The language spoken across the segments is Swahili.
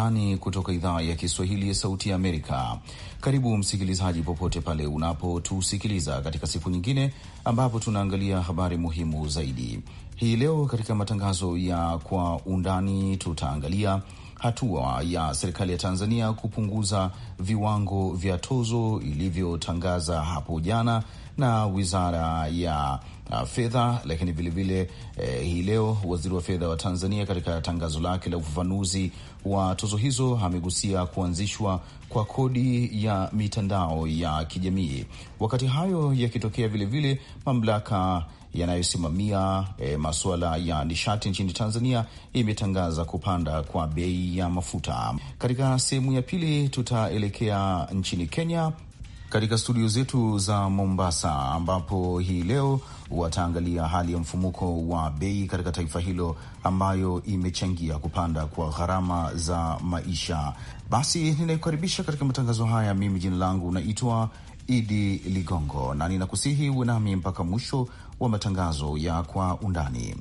undani kutoka idhaa ya Kiswahili ya Sauti ya Amerika. Karibu msikilizaji, popote pale unapotusikiliza katika siku nyingine ambapo tunaangalia habari muhimu zaidi. Hii leo katika matangazo ya Kwa Undani tutaangalia hatua ya serikali ya Tanzania kupunguza viwango vya tozo ilivyotangaza hapo jana na wizara ya uh, fedha. Lakini vilevile eh, hii leo waziri wa fedha wa Tanzania katika tangazo lake la ufafanuzi wa tozo hizo amegusia kuanzishwa kwa kodi ya mitandao ya kijamii. Wakati hayo yakitokea, vilevile mamlaka yanayosimamia e, masuala ya nishati nchini Tanzania imetangaza kupanda kwa bei ya mafuta. Katika sehemu ya pili tutaelekea nchini Kenya katika studio zetu za Mombasa, ambapo hii leo wataangalia hali ya mfumuko wa bei katika taifa hilo ambayo imechangia kupanda kwa gharama za maisha. Basi ninayekaribisha katika matangazo haya. Mimi jina langu naitwa Idi Ligongo na ninakusihi uwe nami mpaka mwisho wa matangazo ya Kwa Undani.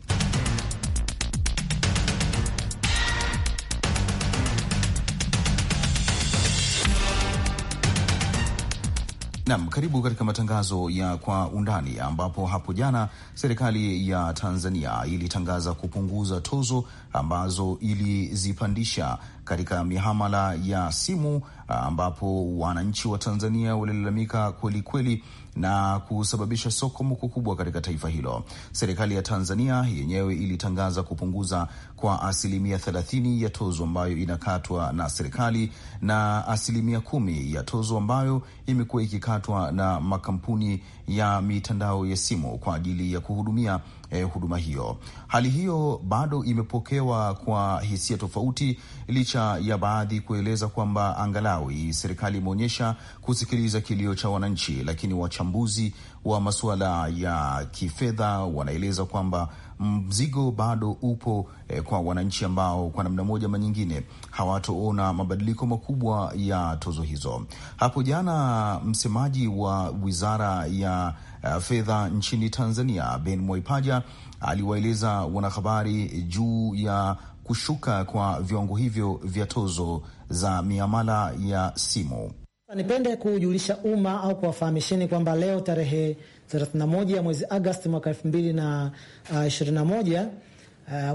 Nam, karibu katika matangazo ya kwa undani, ambapo hapo jana serikali ya Tanzania ilitangaza kupunguza tozo ambazo ilizipandisha katika mihamala ya simu, ambapo wananchi wa Tanzania walilalamika kwelikweli na kusababisha soko mko kubwa katika taifa hilo. Serikali ya Tanzania yenyewe ilitangaza kupunguza kwa asilimia 30 ya tozo ambayo inakatwa na serikali na asilimia kumi ya tozo ambayo imekuwa ikikatwa na makampuni ya mitandao ya simu kwa ajili ya kuhudumia eh, huduma hiyo. Hali hiyo bado imepokewa kwa hisia tofauti, licha ya baadhi kueleza kwamba angalau serikali imeonyesha kusikiliza kilio cha wananchi, lakini wachambuzi wa masuala ya kifedha wanaeleza kwamba mzigo bado upo eh, kwa wananchi ambao kwa namna moja ama nyingine hawatoona mabadiliko makubwa ya tozo hizo. Hapo jana msemaji wa wizara ya uh, fedha nchini Tanzania Ben Mwaipaja aliwaeleza wanahabari juu ya kushuka kwa viwango hivyo vya tozo za miamala ya simu. Nipende kuujulisha umma au kuwafahamisheni kwamba leo tarehe 31 mwezi Agosti mwaka 2021 uh,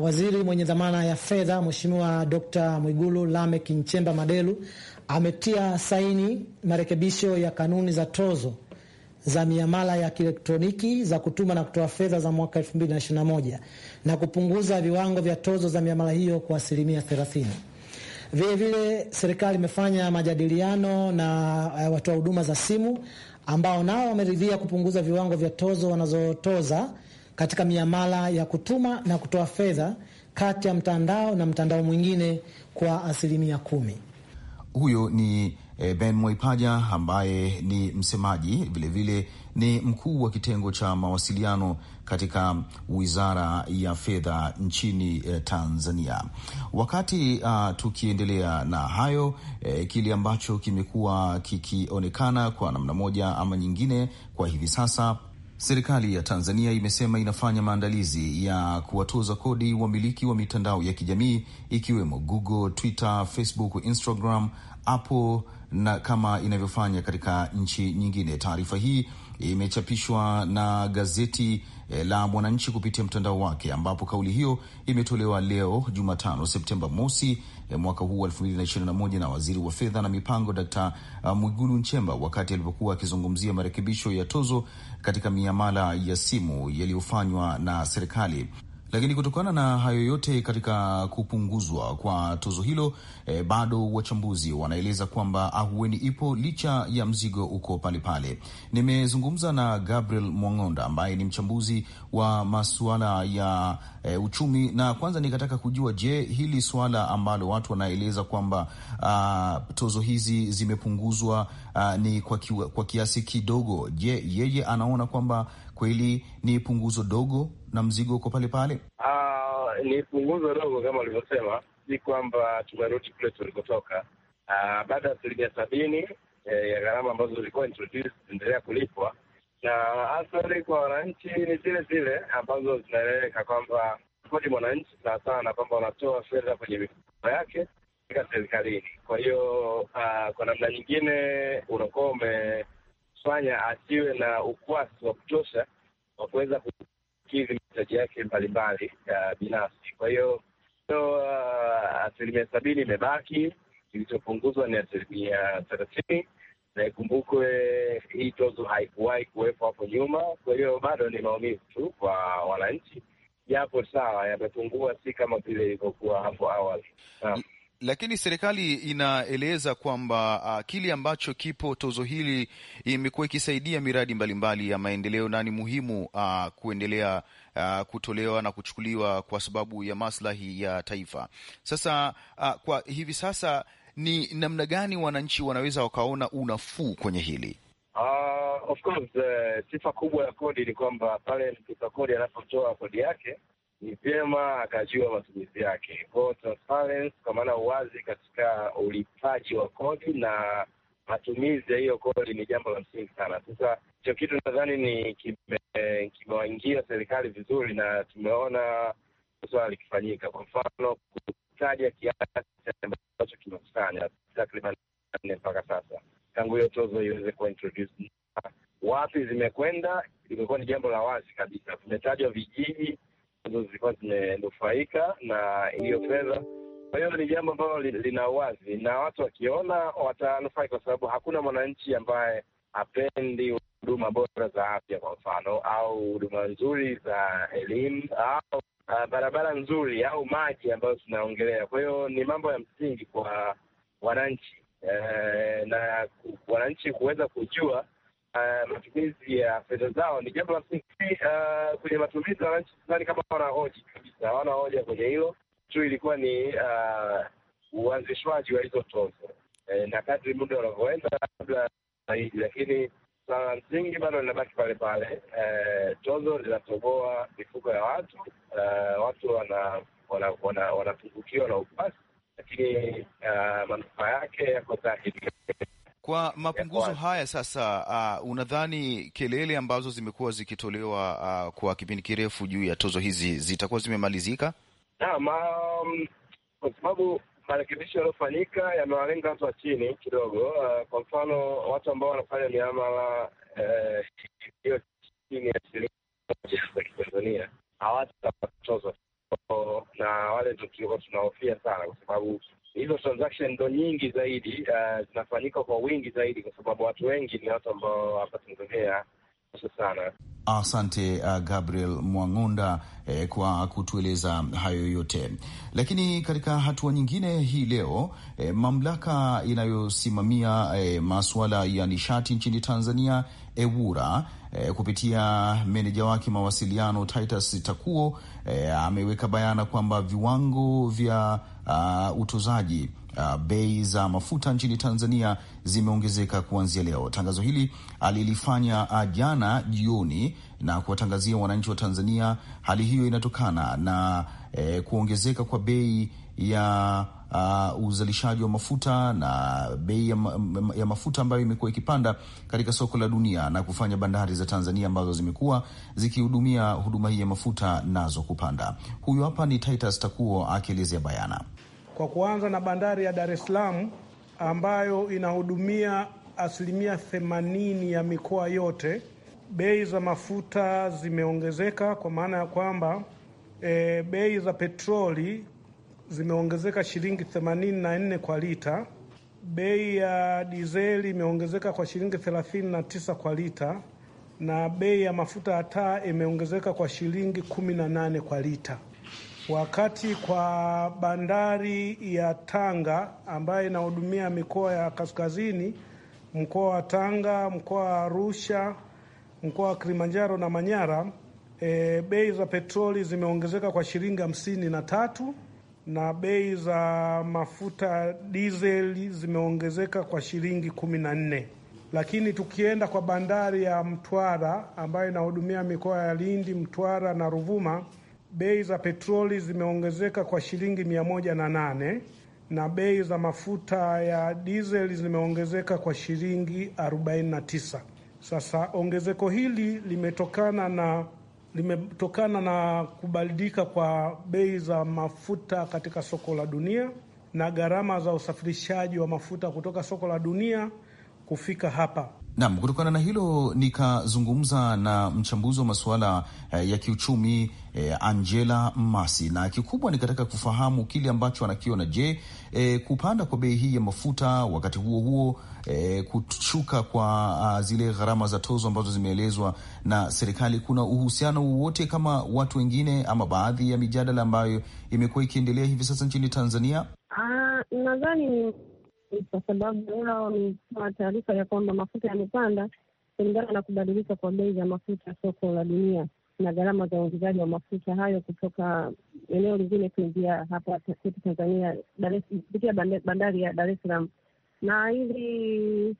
waziri mwenye dhamana ya fedha Mheshimiwa Dr. Mwigulu Lamek Nchemba Madelu ametia saini marekebisho ya kanuni za tozo za miamala ya kielektroniki za kutuma na kutoa fedha za mwaka 2021 na kupunguza viwango vya tozo za miamala hiyo kwa asilimia 30. Vilevile serikali imefanya majadiliano na uh, watoa huduma za simu ambao nao wameridhia kupunguza viwango vya tozo wanazotoza katika miamala ya kutuma na kutoa fedha kati ya mtandao na mtandao mwingine kwa asilimia kumi. Huyo ni eh, Ben Mwaipaja ambaye ni msemaji vilevile ni mkuu wa kitengo cha mawasiliano katika Wizara ya Fedha nchini eh, Tanzania. Wakati uh, tukiendelea na hayo eh, kile ambacho kimekuwa kikionekana kwa namna moja ama nyingine kwa hivi sasa Serikali ya Tanzania imesema inafanya maandalizi ya kuwatoza kodi wamiliki wa mitandao ya kijamii ikiwemo Google, Twitter, Facebook, Instagram, Apple na kama inavyofanya katika nchi nyingine. Taarifa hii imechapishwa na gazeti eh, la Mwananchi kupitia mtandao wake, ambapo kauli hiyo imetolewa leo Jumatano Septemba mosi eh, mwaka huu wa 2021 na waziri wa fedha na mipango Dkt. Ah, Mwigulu Nchemba wakati alipokuwa akizungumzia marekebisho ya tozo katika miamala ya simu yaliyofanywa na serikali. Lakini kutokana na hayo yote katika kupunguzwa kwa tozo hilo, e, bado wachambuzi wanaeleza kwamba ahueni ipo licha ya mzigo uko palepale. Nimezungumza na Gabriel Mwang'onda ambaye ni mchambuzi wa masuala ya e, uchumi, na kwanza nikataka kujua, je, hili suala ambalo watu wanaeleza kwamba a, ah, tozo hizi zimepunguzwa a, ah, ni kwa, kiwa, kwa kiasi kidogo, je, yeye anaona kwamba kweli ni punguzo dogo na mzigo uko pale pale? Uh, ni punguzo dogo kama ulivyosema, si kwamba tumerudi kule tulikotoka. Uh, baada ya asilimia sabini eh, ya gharama ambazo zilikuwa introduced zinaendelea kulipwa, na athari kwa wananchi ni zile zile ambazo zinaeleweka kwamba kodi mwananchi sana kwamba wanatoa fedha kwenye mifuko yake serikalini Kwa hiyo uh, kwa namna nyingine unakuwa kumfanya asiwe na ukwasi wa kutosha wa kuweza kukidhi mahitaji yake mbalimbali ya binafsi. Kwa hiyo so, uh, asilimia sabini imebaki, kilichopunguzwa ni asilimia thelathini na ikumbukwe hii tozo haikuwahi kuwepo hapo nyuma. Kwa hiyo bado ni maumivu tu kwa wananchi, yapo sawa, yamepungua, si kama vile ilivyokuwa hapo awali lakini serikali inaeleza kwamba uh, kile ambacho kipo tozo hili imekuwa ikisaidia miradi mbalimbali mbali ya maendeleo na ni muhimu uh, kuendelea uh, kutolewa na kuchukuliwa kwa sababu ya maslahi ya taifa. Sasa uh, kwa hivi sasa ni namna gani wananchi wanaweza wakaona unafuu kwenye hili? Uh, of course uh, sifa kubwa ya kodi ni kwamba pale mlipa kodi anapotoa kodi yake ni vyema akajua matumizi yake. Kwa transparency, kwa maana uwazi katika ulipaji wa kodi na matumizi ya hiyo kodi ni jambo la msingi sana. Sasa hicho kitu nadhani ni kimewaingia kime serikali vizuri, na tumeona swala likifanyika, kwa mfano kutaja kiasi ambacho kimekusanya takriban nne mpaka sasa tangu hiyo tozo iweze kuwa introduced, wapi zimekwenda imekuwa ni jambo la wazi kabisa. Vimetajwa vijiji ambazo zilikuwa zimenufaika na hiyo mm. fedha. Kwa hiyo ni jambo ambalo lina wazi na watu wakiona watanufaika, kwa sababu hakuna mwananchi ambaye hapendi huduma bora za afya, kwa mfano, au huduma nzuri za elimu au uh, barabara nzuri au maji ambayo tunaongelea. Kwa hiyo ni mambo ya msingi kwa wananchi e, na wananchi kuweza kujua uh, matumizi ya fedha zao ni jambo la msingi uh, kwenye matumizi. Wananchi sidhani kama hawana hoja kabisa, hawana hoja kwenye hilo tu, ilikuwa ni uh, uanzishwaji wa hizo tozo eh, na kadri muda unavyoenda kabla zaidi, lakini suala la msingi bado linabaki pale pale. Eh, tozo linatoboa mifuko ya watu eh, watu wanapungukiwa na upasi, lakini uh, manufaa yake yako dhahiri. Kwa mapunguzo haya sasa, uh, unadhani kelele ambazo zimekuwa zikitolewa uh, kwa kipindi kirefu juu ya tozo hizi zitakuwa zimemalizika? Naam, um, kwa sababu marekebisho yaliyofanyika yamewalenga watu wa chini kidogo. Uh, kwa mfano watu ambao wanafanya miamala hiyo uh, eh, chini ya shilingi za Kitanzania hawatatoza, na wale ndio tulikuwa tunahofia sana, kwa sababu hizo transaction ndo nyingi zaidi eh, zinafanyika uh, kwa wingi zaidi, kwa sababu watu wengi ni watu ambao hapa Tanzania sana. Asante uh, Gabriel Mwang'unda eh, kwa kutueleza hayo yote. Lakini katika hatua nyingine hii leo eh, mamlaka inayosimamia eh, masuala ya nishati nchini Tanzania EWURA eh, kupitia meneja wake mawasiliano Titus Takuo eh, ameweka bayana kwamba viwango vya uh, utozaji uh, bei za mafuta nchini Tanzania zimeongezeka kuanzia leo. Tangazo hili alilifanya uh, jana jioni na kuwatangazia wananchi wa Tanzania. Hali hiyo inatokana na eh, kuongezeka kwa bei ya Uh, uzalishaji wa mafuta na bei ya, ma ya mafuta ambayo imekuwa ikipanda katika soko la dunia na kufanya bandari za Tanzania ambazo zimekuwa zikihudumia huduma hii ya mafuta nazo kupanda. Huyu hapa ni Titus Takuo akielezea bayana kwa kuanza na bandari ya Dar es Salaam ambayo inahudumia asilimia 80 ya mikoa yote. Bei za mafuta zimeongezeka kwa maana ya kwamba e, bei za petroli zimeongezeka shilingi 84 kwa lita. Bei ya dizeli imeongezeka kwa shilingi 39 kwa lita, na bei ya mafuta ya taa imeongezeka kwa shilingi 18 kwa lita. Wakati kwa bandari ya Tanga ambayo inahudumia mikoa ya kaskazini, mkoa wa Tanga, mkoa wa Arusha, mkoa wa Kilimanjaro na Manyara, e, bei za petroli zimeongezeka kwa shilingi hamsini na tatu na bei za mafuta dizeli zimeongezeka kwa shilingi kumi na nne. Lakini tukienda kwa bandari ya Mtwara ambayo inahudumia mikoa ya Lindi, Mtwara na Ruvuma bei za petroli zimeongezeka kwa shilingi mia moja na nane na bei za mafuta ya dizeli zimeongezeka kwa shilingi 49. Sasa ongezeko hili limetokana na limetokana na kubadilika kwa bei za mafuta katika soko la dunia na gharama za usafirishaji wa mafuta kutoka soko la dunia kufika hapa. Nam, kutokana na hilo nikazungumza na mchambuzi wa masuala eh, ya kiuchumi eh, Angela Masi, na kikubwa nikataka kufahamu kile ambacho anakiona. Je, eh, kupanda kwa bei hii ya mafuta, wakati huo huo eh, kushuka kwa ah, zile gharama za tozo ambazo zimeelezwa na serikali, kuna uhusiano wowote kama watu wengine ama baadhi ya mijadala ambayo imekuwa ikiendelea hivi sasa nchini Tanzania? Ah, nadhani ni kwa sababu wao wametoa taarifa ya kwamba mafuta yamepanda kulingana na kubadilika kwa bei za mafuta soko la dunia na gharama za uingizaji wa mafuta hayo kutoka eneo lingine kuingia hapa kwetu Tanzania kupitia bandari ya Dar es Salaam. Na hili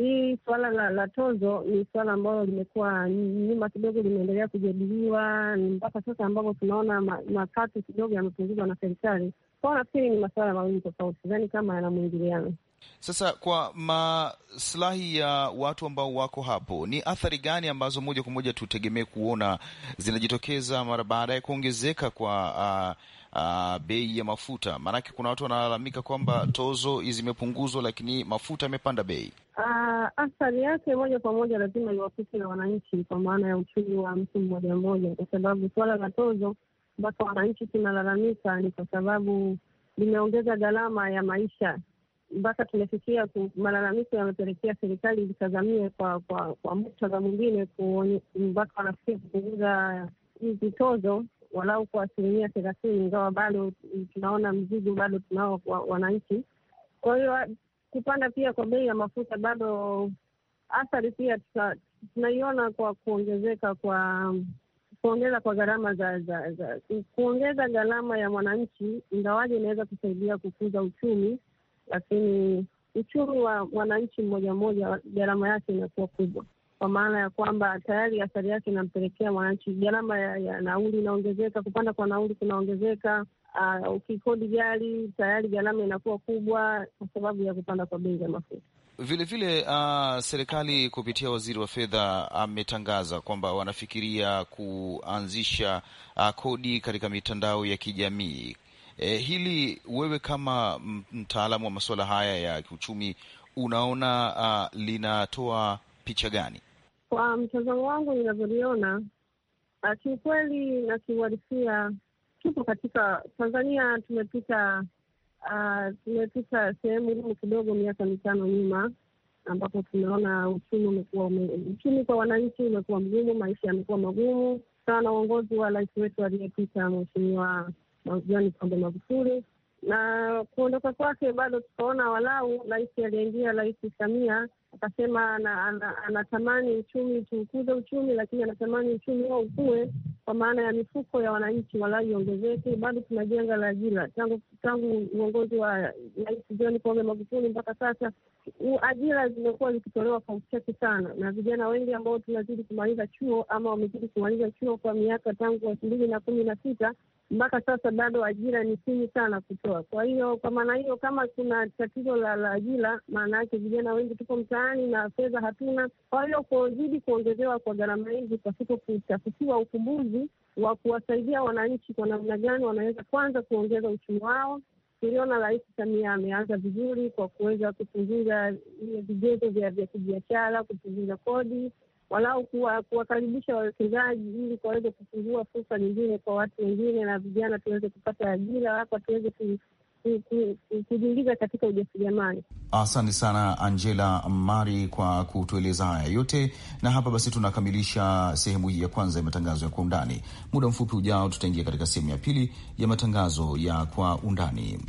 hii suala la, la tozo ni suala ambalo limekuwa nyuma kidogo, limeendelea kujadiliwa mpaka sasa ambapo tunaona makatu kidogo yamepunguzwa na serikali Kwao nafikiri ni masuala mawili tofauti, sidhani kama yana mwingiliano. Sasa kwa maslahi ya watu ambao wako hapo, ni athari gani ambazo moja kwa moja tutegemee kuona zinajitokeza mara baada ya kuongezeka kwa uh, uh, bei ya mafuta? Maanake kuna watu wanalalamika kwamba tozo zimepunguzwa, lakini mafuta yamepanda bei. Uh, athari yake moja kwa moja lazima iwafike na wananchi, kwa maana ya uchumi wa mtu mmoja mmoja, kwa sababu suala la tozo mpaka wananchi tunalalamika, ni kwa sababu limeongeza gharama ya maisha mpaka tumefikia malalamiko yamepelekea serikali itazamie kwa kwa kwa muktadha mwingine, mpaka wanafikia kupunguza hizi tozo walau kwa asilimia thelathini, ingawa bado tunaona mzigo bado tunao wananchi. Kwa hiyo kupanda pia kwa bei ya mafuta bado athari pia tunaiona kwa kuongezeka kwa kuongeza kwa gharama za, za, za kuongeza gharama ya mwananchi, ingawaje inaweza kusaidia kukuza uchumi, lakini uchumi wa mwananchi mmoja mmoja gharama yake inakuwa kubwa, kwa maana ya kwamba tayari athari yake inampelekea mwananchi gharama ya, ya nauli inaongezeka, kupanda kwa nauli kunaongezeka. Uh, ah, ukikodi gari tayari gharama inakuwa kubwa kwa sababu ya kupanda kwa bei ya mafuta. Vilevile uh, ah, serikali kupitia waziri wa fedha ametangaza kwamba wanafikiria kuanzisha uh, kodi katika mitandao ya kijamii. E, hili wewe kama mtaalamu wa masuala haya ya kiuchumi unaona uh, linatoa picha gani? Kwa mtazamo wangu ninavyoliona, uh, kiukweli na kiuhalisia, tupo katika Tanzania tumepita Ah, tumepita sehemu ngumu kidogo miaka mitano nyuma, ambapo tumeona uchumi umekuwa uchumi kwa wananchi umekuwa mgumu, maisha yamekuwa magumu sana. Uongozi wa rais wetu aliyepita mweshimiwa John Pombe Magufuli na kuondoka kwake bado tukaona walau rais aliyeingia, Rais Samia akasema anatamani ana, ana uchumi tuukuze uchumi, lakini anatamani uchumi huo ukue kwa maana ya mifuko ya wananchi walai iongezeke. Bado tuna janga la ajira tangu tangu uongozi wa Rais John Pombe Magufuli mpaka sasa ajira zimekuwa zikitolewa kwa uchache sana, na vijana wengi ambao tunazidi kumaliza chuo ama wamezidi kumaliza chuo kwa miaka tangu elfu mbili na kumi na sita mpaka sasa bado ajira ni chini sana kutoa. Kwa hiyo kwa maana hiyo, kama kuna tatizo la, la ajira, maana yake vijana wengi tuko mtaani na fedha hatuna. Kwa hiyo kuzidi kuongezewa kwa gharama hizi pasipo kutafutiwa ufumbuzi wa kuwasaidia wananchi kwa namna gani wanaweza kwanza kuongeza uchumi wao Tuliona Rais Samia ameanza vizuri kwa kuweza kupunguza ile vigezo vya kibiashara, kupunguza kodi, walau kuwakaribisha wawekezaji ili waweze kufungua fursa nyingine kwa watu wengine na vijana tuweze kupata ajira, watu tuweze kujiingiza katika ujasiriamali. Asante sana Angela Mari kwa kutueleza haya yote, na hapa basi tunakamilisha sehemu hii ya kwanza ya matangazo ya kwa undani. Muda mfupi ujao, tutaingia katika sehemu ya pili ya matangazo ya kwa undani.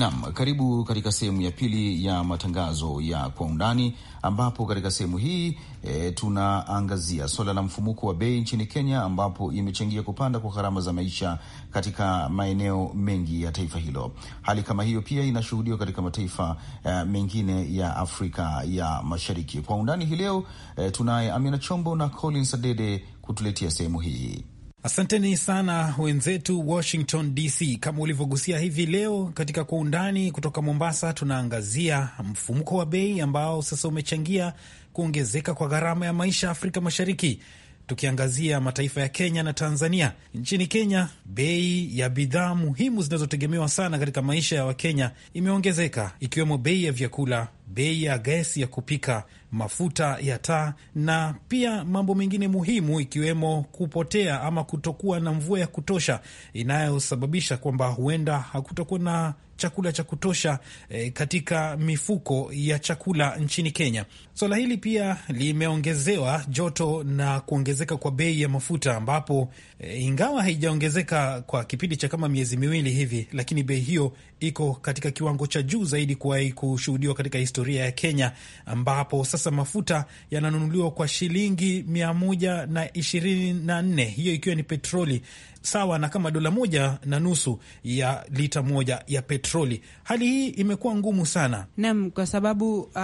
Naam, karibu katika sehemu ya pili ya matangazo ya kwa undani, ambapo katika sehemu hii e, tunaangazia suala la mfumuko wa bei nchini Kenya, ambapo imechangia kupanda kwa gharama za maisha katika maeneo mengi ya taifa hilo. Hali kama hiyo pia inashuhudiwa katika mataifa e, mengine ya Afrika ya Mashariki. Kwa undani hii leo e, tunaye Amina Chombo na Collins Adede kutuletea sehemu hii. Asanteni sana wenzetu Washington DC. Kama ulivyogusia hivi leo katika kwa undani kutoka Mombasa, tunaangazia mfumuko wa bei ambao sasa umechangia kuongezeka kwa gharama ya maisha Afrika Mashariki, tukiangazia mataifa ya Kenya na Tanzania. Nchini Kenya, bei ya bidhaa muhimu zinazotegemewa sana katika maisha ya Wakenya imeongezeka, ikiwemo bei ya vyakula bei ya gesi ya kupika, mafuta ya taa na pia mambo mengine muhimu ikiwemo kupotea ama kutokuwa na mvua ya kutosha inayosababisha kwamba huenda hakutakuwa na chakula cha kutosha e, katika mifuko ya chakula nchini Kenya. Swala hili pia limeongezewa joto na kuongezeka kwa bei ya mafuta ambapo e, ingawa haijaongezeka kwa kipindi cha kama miezi miwili hivi, lakini bei hiyo iko katika kiwango cha juu zaidi kuwahi kushuhudiwa katika historia ya Kenya, ambapo sasa mafuta yananunuliwa kwa shilingi mia moja na ishirini na nne, hiyo ikiwa ni petroli sawa na kama dola moja na nusu ya lita moja ya petroli. Hali hii imekuwa ngumu sana nam, kwa sababu uh,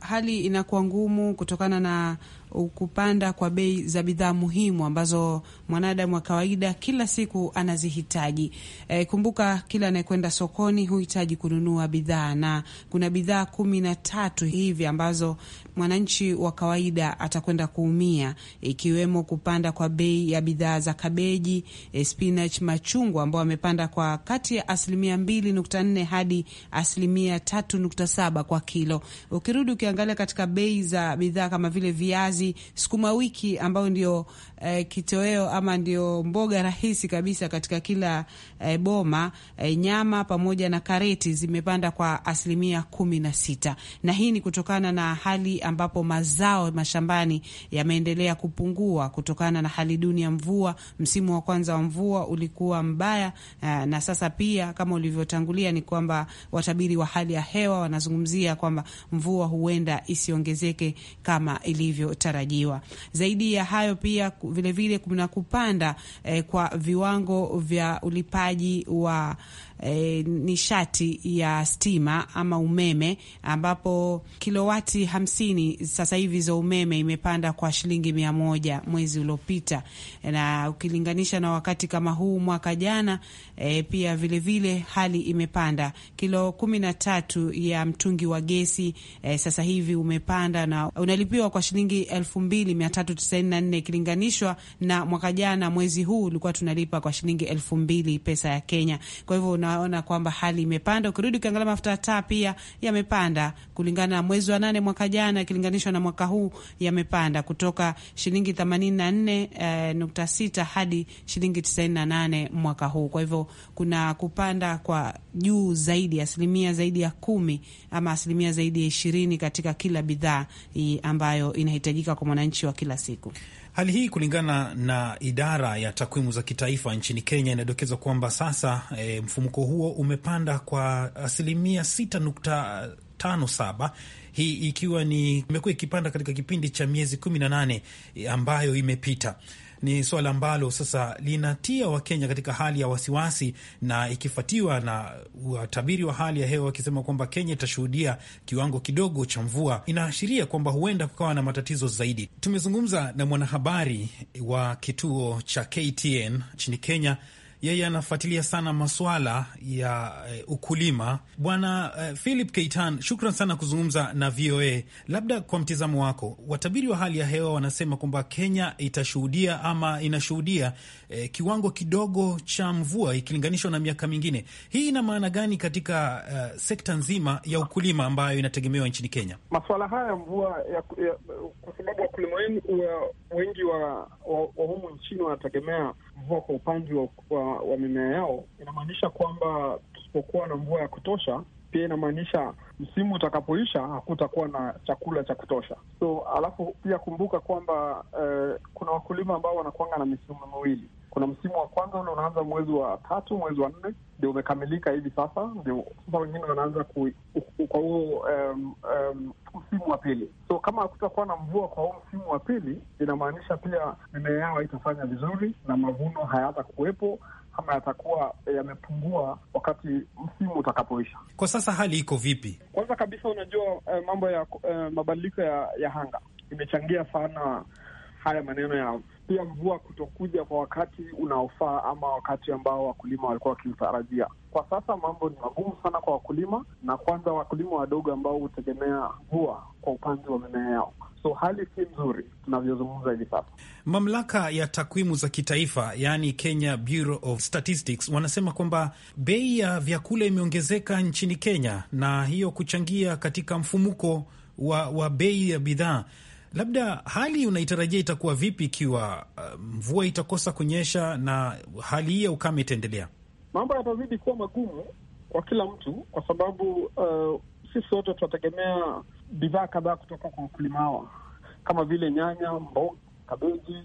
hali inakuwa ngumu kutokana na kupanda kwa bei za bidhaa muhimu ambazo mwanadamu wa kawaida kila siku anazihitaji. E, kumbuka kila anayekwenda sokoni huhitaji kununua bidhaa, na kuna bidhaa kumi na tatu hivi ambazo mwananchi wa kawaida atakwenda kuumia, ikiwemo e, kupanda kwa bei ya bidhaa za kabeji, e, spinach, machungwa ambao wamepanda kwa kati ya asilimia mbili nukta nne hadi asilimia tatu nukta saba kwa kilo. Ukirudi ukiangalia katika bei za bidhaa kama vile viazi hizi sukuma wiki ambayo ndio eh, kitoweo ama ndio mboga rahisi kabisa katika kila eh, boma eh, nyama pamoja na kareti zimepanda kwa asilimia kumi na sita, na hii ni kutokana na hali ambapo mazao mashambani yameendelea kupungua kutokana na hali duni ya mvua. Msimu wa kwanza wa mvua ulikuwa mbaya eh, na sasa pia kama ulivyotangulia ni kwamba watabiri wa hali ya hewa wanazungumzia kwamba mvua huenda isiongezeke kama ilivyotarajiwa. Zaidi ya hayo pia vilevile kuna kupanda eh, kwa viwango vya ulipaji wa eh, nishati ya stima ama umeme, ambapo kilowati hamsini sasa hivi za umeme imepanda kwa shilingi mia moja mwezi uliopita, na ukilinganisha na wakati kama huu mwaka jana eh, pia vilevile vile hali imepanda. Kilo kumi na tatu ya mtungi wa gesi eh, sasa hivi umepanda na unalipiwa kwa shilingi elfu mbili mia tatu tisaini na nne ikilinganishwa na mwaka jana mwezi huu ulikuwa tunalipa kwa shilingi elfu mbili pesa ya Kenya. Kwa hivyo una unaona kwamba hali imepanda. Ukirudi ukiangalia mafuta ya taa pia yamepanda kulingana na mwezi wa nane mwaka jana ikilinganishwa na mwaka huu, yamepanda kutoka shilingi 84.6 eh, hadi shilingi 98 mwaka huu. Kwa hivyo kuna kupanda kwa juu zaidi asilimia zaidi ya kumi ama asilimia zaidi ya ishirini katika kila bidhaa eh, ambayo inahitajika kwa mwananchi wa kila siku. Hali hii kulingana na idara ya takwimu za kitaifa nchini Kenya inadokeza kwamba sasa e, mfumuko huo umepanda kwa asilimia 6.57 hii ikiwa ni imekuwa ikipanda katika kipindi cha miezi 18 e, ambayo imepita ni swala ambalo sasa linatia Wakenya katika hali ya wasiwasi, na ikifuatiwa na watabiri wa hali ya hewa wakisema kwamba Kenya itashuhudia kiwango kidogo cha mvua, inaashiria kwamba huenda kukawa na matatizo zaidi. Tumezungumza na mwanahabari wa kituo cha KTN nchini Kenya yeye anafuatilia sana maswala ya eh, ukulima. Bwana eh, Philip Keitan, shukran sana kuzungumza na VOA. Labda kwa mtizamo wako, watabiri wa hali ya hewa wanasema kwamba Kenya itashuhudia ama inashuhudia eh, kiwango kidogo cha mvua ikilinganishwa na miaka mingine. Hii ina maana gani katika uh, sekta nzima ya ukulima ambayo inategemewa nchini Kenya? Maswala haya ya mvua ya, ya, kwa sababu wakulima wengi wa, wa, wa humu nchini wanategemea mvua kwa upande wa, wa, wa mimea yao, inamaanisha kwamba tusipokuwa na mvua ya kutosha, pia inamaanisha msimu utakapoisha hakutakuwa na chakula cha kutosha. So alafu pia kumbuka kwamba eh, kuna wakulima ambao wanakuanga na misimu miwili kuna msimu wa kwanza ule unaanza mwezi wa tatu, mwezi wa nne ndio umekamilika hivi sasa, ndio sasa wengine wanaanza kwa huo um, um, msimu wa pili. So kama hakutakuwa na mvua kwa huu msimu wa pili, inamaanisha pia mimea yao haitafanya vizuri na mavuno hayata kuwepo ama yatakuwa yamepungua wakati msimu utakapoisha. Kwa sasa hali iko vipi? Kwanza kabisa, unajua eh, mambo ya eh, mabadiliko ya, ya hanga imechangia sana haya maneno ya pia mvua kutokuja kwa wakati unaofaa ama wakati ambao wakulima walikuwa wakiutarajia. Kwa sasa mambo ni magumu sana kwa wakulima, na kwanza wakulima wadogo ambao hutegemea mvua kwa upanzi wa mimea yao. So hali si nzuri tunavyozungumza hivi sasa. Mamlaka ya takwimu za kitaifa yaani Kenya Bureau of Statistics wanasema kwamba bei ya vyakula imeongezeka nchini Kenya, na hiyo kuchangia katika mfumuko wa, wa bei ya bidhaa Labda hali unaitarajia itakuwa vipi ikiwa uh, mvua itakosa kunyesha na hali hii ya ukame itaendelea? Mambo yatazidi kuwa magumu kwa kila mtu, kwa sababu uh, sisi wote tunategemea bidhaa kadhaa kutoka kwa wakulima hawa kama vile nyanya, mboga, kabeji.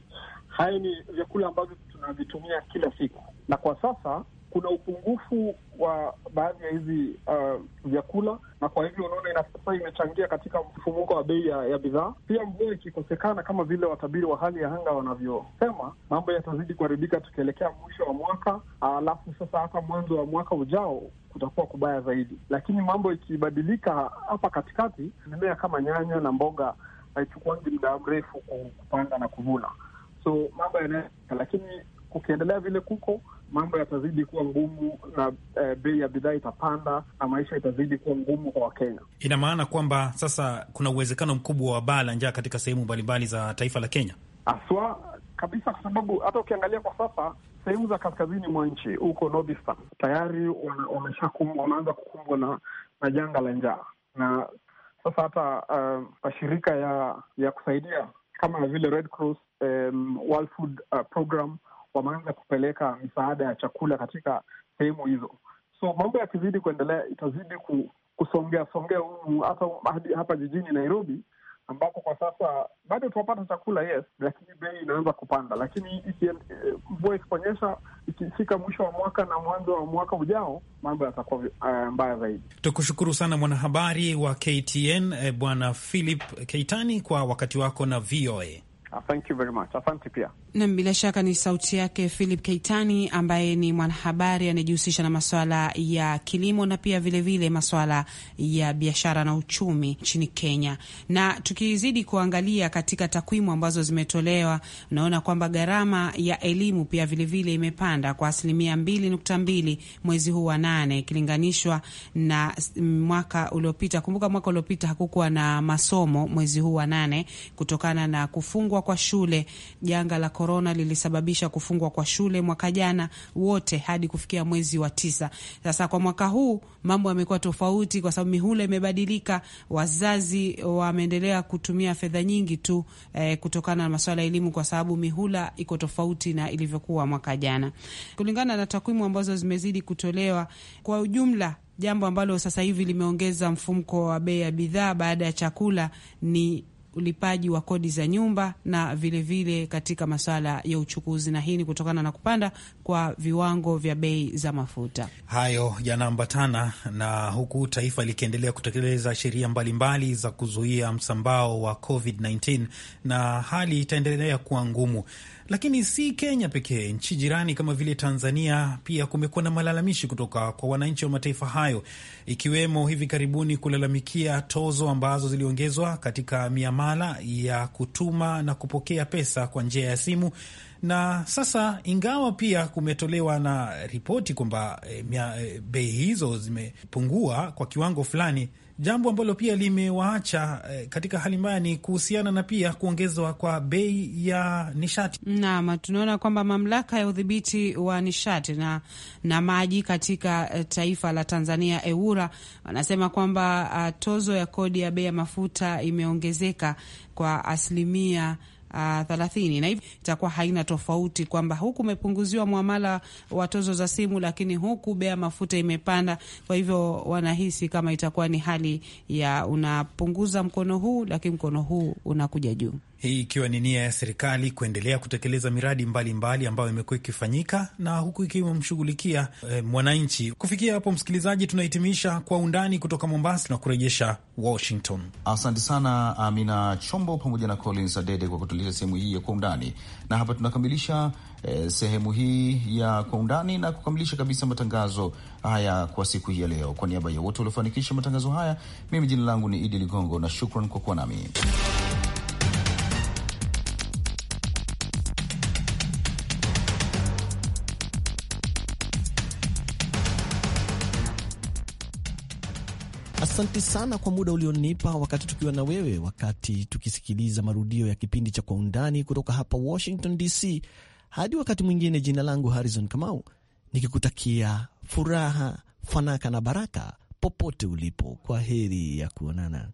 Haya ni vyakula ambavyo tunavitumia kila siku, na kwa sasa kuna upungufu wa baadhi ya hizi uh, vyakula, na kwa hivyo unaona inasasa imechangia katika mfumuko wa bei ya, ya bidhaa. Pia mvua ikikosekana kama vile watabiri wa hali ya anga wanavyosema, mambo yatazidi kuharibika tukielekea mwisho wa mwaka, alafu sasa hata mwanzo wa mwaka ujao kutakuwa kubaya zaidi. Lakini mambo ikibadilika hapa katikati, mimea kama nyanya na mboga haichukuangi muda mrefu kupanda na kuvuna, so mambo yanaweza, lakini kukiendelea vile kuko mambo yatazidi kuwa ngumu na e, bei ya bidhaa itapanda na maisha itazidi kuwa ngumu kwa Wakenya. Ina maana kwamba sasa kuna uwezekano mkubwa wa baa la njaa katika sehemu mbalimbali za taifa la Kenya haswa kabisa, kwa sababu hata ukiangalia kwa sasa sehemu za kaskazini mwa nchi huko Nobista tayari wameanza kukumbwa na, na janga la njaa na sasa hata uh, mashirika ya ya kusaidia kama vile Red Cross, um, World Food uh, Program wameanza kupeleka misaada ya chakula katika sehemu hizo. So mambo yakizidi kuendelea, itazidi kusongea songea humu hata hapa jijini Nairobi, ambapo kwa sasa bado tuwapata chakula yes, lakini bei inaanza kupanda. Lakini eh, mvua ikiponyesha, ikifika mwisho wa mwaka na mwanzo wa mwaka ujao, mambo yatakuwa uh, mbaya zaidi. Tukushukuru sana mwanahabari wa KTN eh, Bwana Philip Keitani kwa wakati wako na VOA. Uh, Asante pia. Nam, bila shaka ni sauti yake Philip Keitani ambaye ni mwanahabari anayejihusisha na masuala ya kilimo na pia vilevile masuala ya biashara na uchumi nchini Kenya. Na tukizidi kuangalia katika takwimu ambazo zimetolewa, unaona kwamba gharama ya elimu pia vilevile vile imepanda kwa asilimia mbili nukta mbili mwezi huu wa nane ikilinganishwa na mwaka uliopita. Kumbuka mwaka uliopita hakukuwa na masomo mwezi huu wa nane kutokana na kufungwa kufungwa kwa shule. Janga la korona lilisababisha kufungwa kwa shule mwaka jana wote hadi kufikia mwezi wa tisa. Sasa kwa mwaka huu mambo yamekuwa tofauti, kwa sababu mihula imebadilika. Wazazi wameendelea kutumia fedha nyingi tu eh, kutokana na masuala ya elimu, kwa sababu mihula iko tofauti na ilivyokuwa mwaka jana, kulingana na takwimu ambazo zimezidi kutolewa kwa ujumla jambo ambalo sasa hivi limeongeza mfumko wa bei ya bidhaa baada ya chakula ni ulipaji wa kodi za nyumba na vilevile vile katika masuala ya uchukuzi, na hii ni kutokana na kupanda kwa viwango vya bei za mafuta. Hayo yanaambatana na huku taifa likiendelea kutekeleza sheria mbalimbali za kuzuia msambao wa COVID-19 na hali itaendelea kuwa ngumu. Lakini si Kenya pekee, nchi jirani kama vile Tanzania pia kumekuwa na malalamishi kutoka kwa wananchi wa mataifa hayo, ikiwemo hivi karibuni kulalamikia tozo ambazo ziliongezwa katika miamala ya kutuma na kupokea pesa kwa njia ya simu na sasa ingawa pia kumetolewa na ripoti kwamba e, e, bei hizo zimepungua kwa kiwango fulani, jambo ambalo pia limewaacha eh, katika hali mbaya ni kuhusiana na pia kuongezwa kwa bei ya nishati. Naam, tunaona kwamba mamlaka ya udhibiti wa nishati na, na maji katika eh, taifa la Tanzania EWURA wanasema kwamba ah, tozo ya kodi ya bei ya mafuta imeongezeka kwa asilimia Ah, thelathini na hivi itakuwa haina tofauti kwamba huku umepunguziwa mwamala wa tozo za simu, lakini huku bea mafuta imepanda. Kwa hivyo wanahisi kama itakuwa ni hali ya unapunguza mkono huu, lakini mkono huu unakuja juu hii ikiwa ni nia ya serikali kuendelea kutekeleza miradi mbalimbali mbali ambayo imekuwa ikifanyika na huku ikimshughulikia e, mwananchi. Kufikia hapo, msikilizaji, tunahitimisha kwa undani kutoka Mombasa na kurejesha Washington. Asante sana Amina Chombo pamoja na Collins Adede kwa kutuletea sehemu hii ya kwa undani, na hapa tunakamilisha e, sehemu hii ya kwa undani na kukamilisha kabisa matangazo haya kwa siku hii ya leo. Kwa niaba ya wote waliofanikisha matangazo haya, mimi jina langu ni Idi Ligongo na shukran kwa kuwa nami. Asanti sana kwa muda ulionipa wakati tukiwa na wewe, wakati tukisikiliza marudio ya kipindi cha Kwa Undani kutoka hapa Washington DC. Hadi wakati mwingine, jina langu Harrison Kamau, nikikutakia furaha, fanaka na baraka popote ulipo. Kwa heri ya kuonana.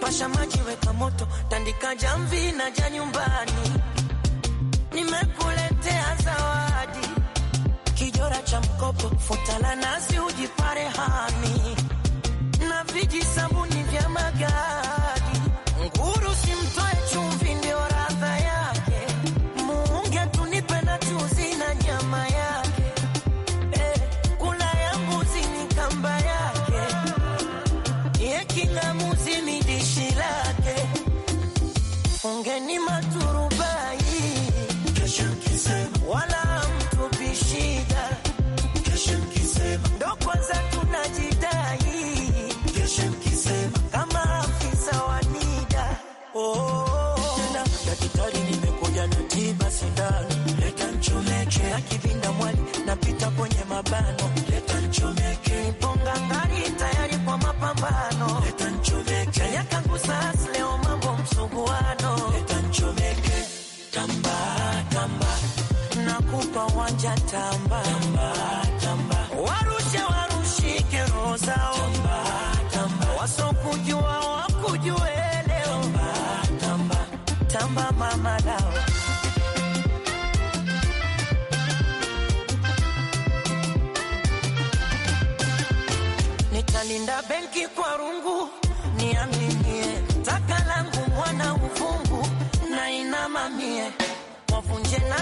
Pasha maji, weka moto, tandika jamvi na ja nyumbani Futana nasi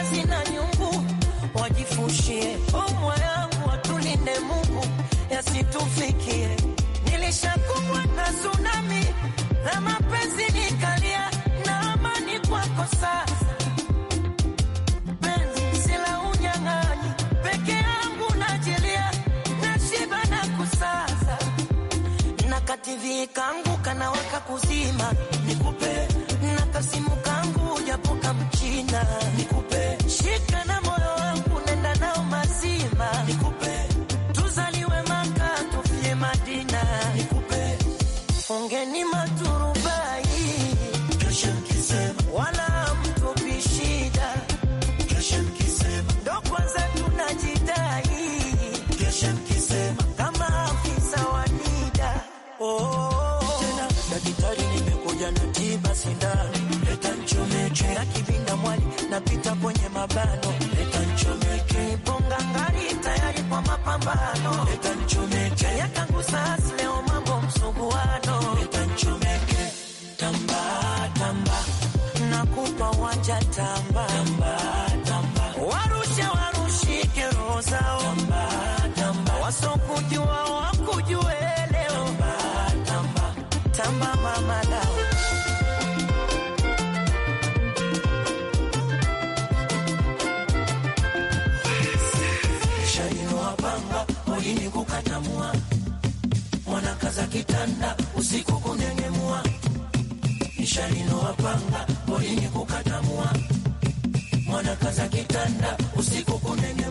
hazina nyungu, wajifushie pomwa yangu, watulinde Mungu yasitufikie. Nilishakumbwa na tsunami na mapenzi nikalia, na amani kwako sasa TV kangu kanawaka kuzima nikupe nakasimuka sana nikupe shika na mano. mwilini kukatamua, mwanakaza kitanda usiku kunengemua, nishalino wapanga mwilini kukatamua, mwanakaza kitanda usiku kunengemua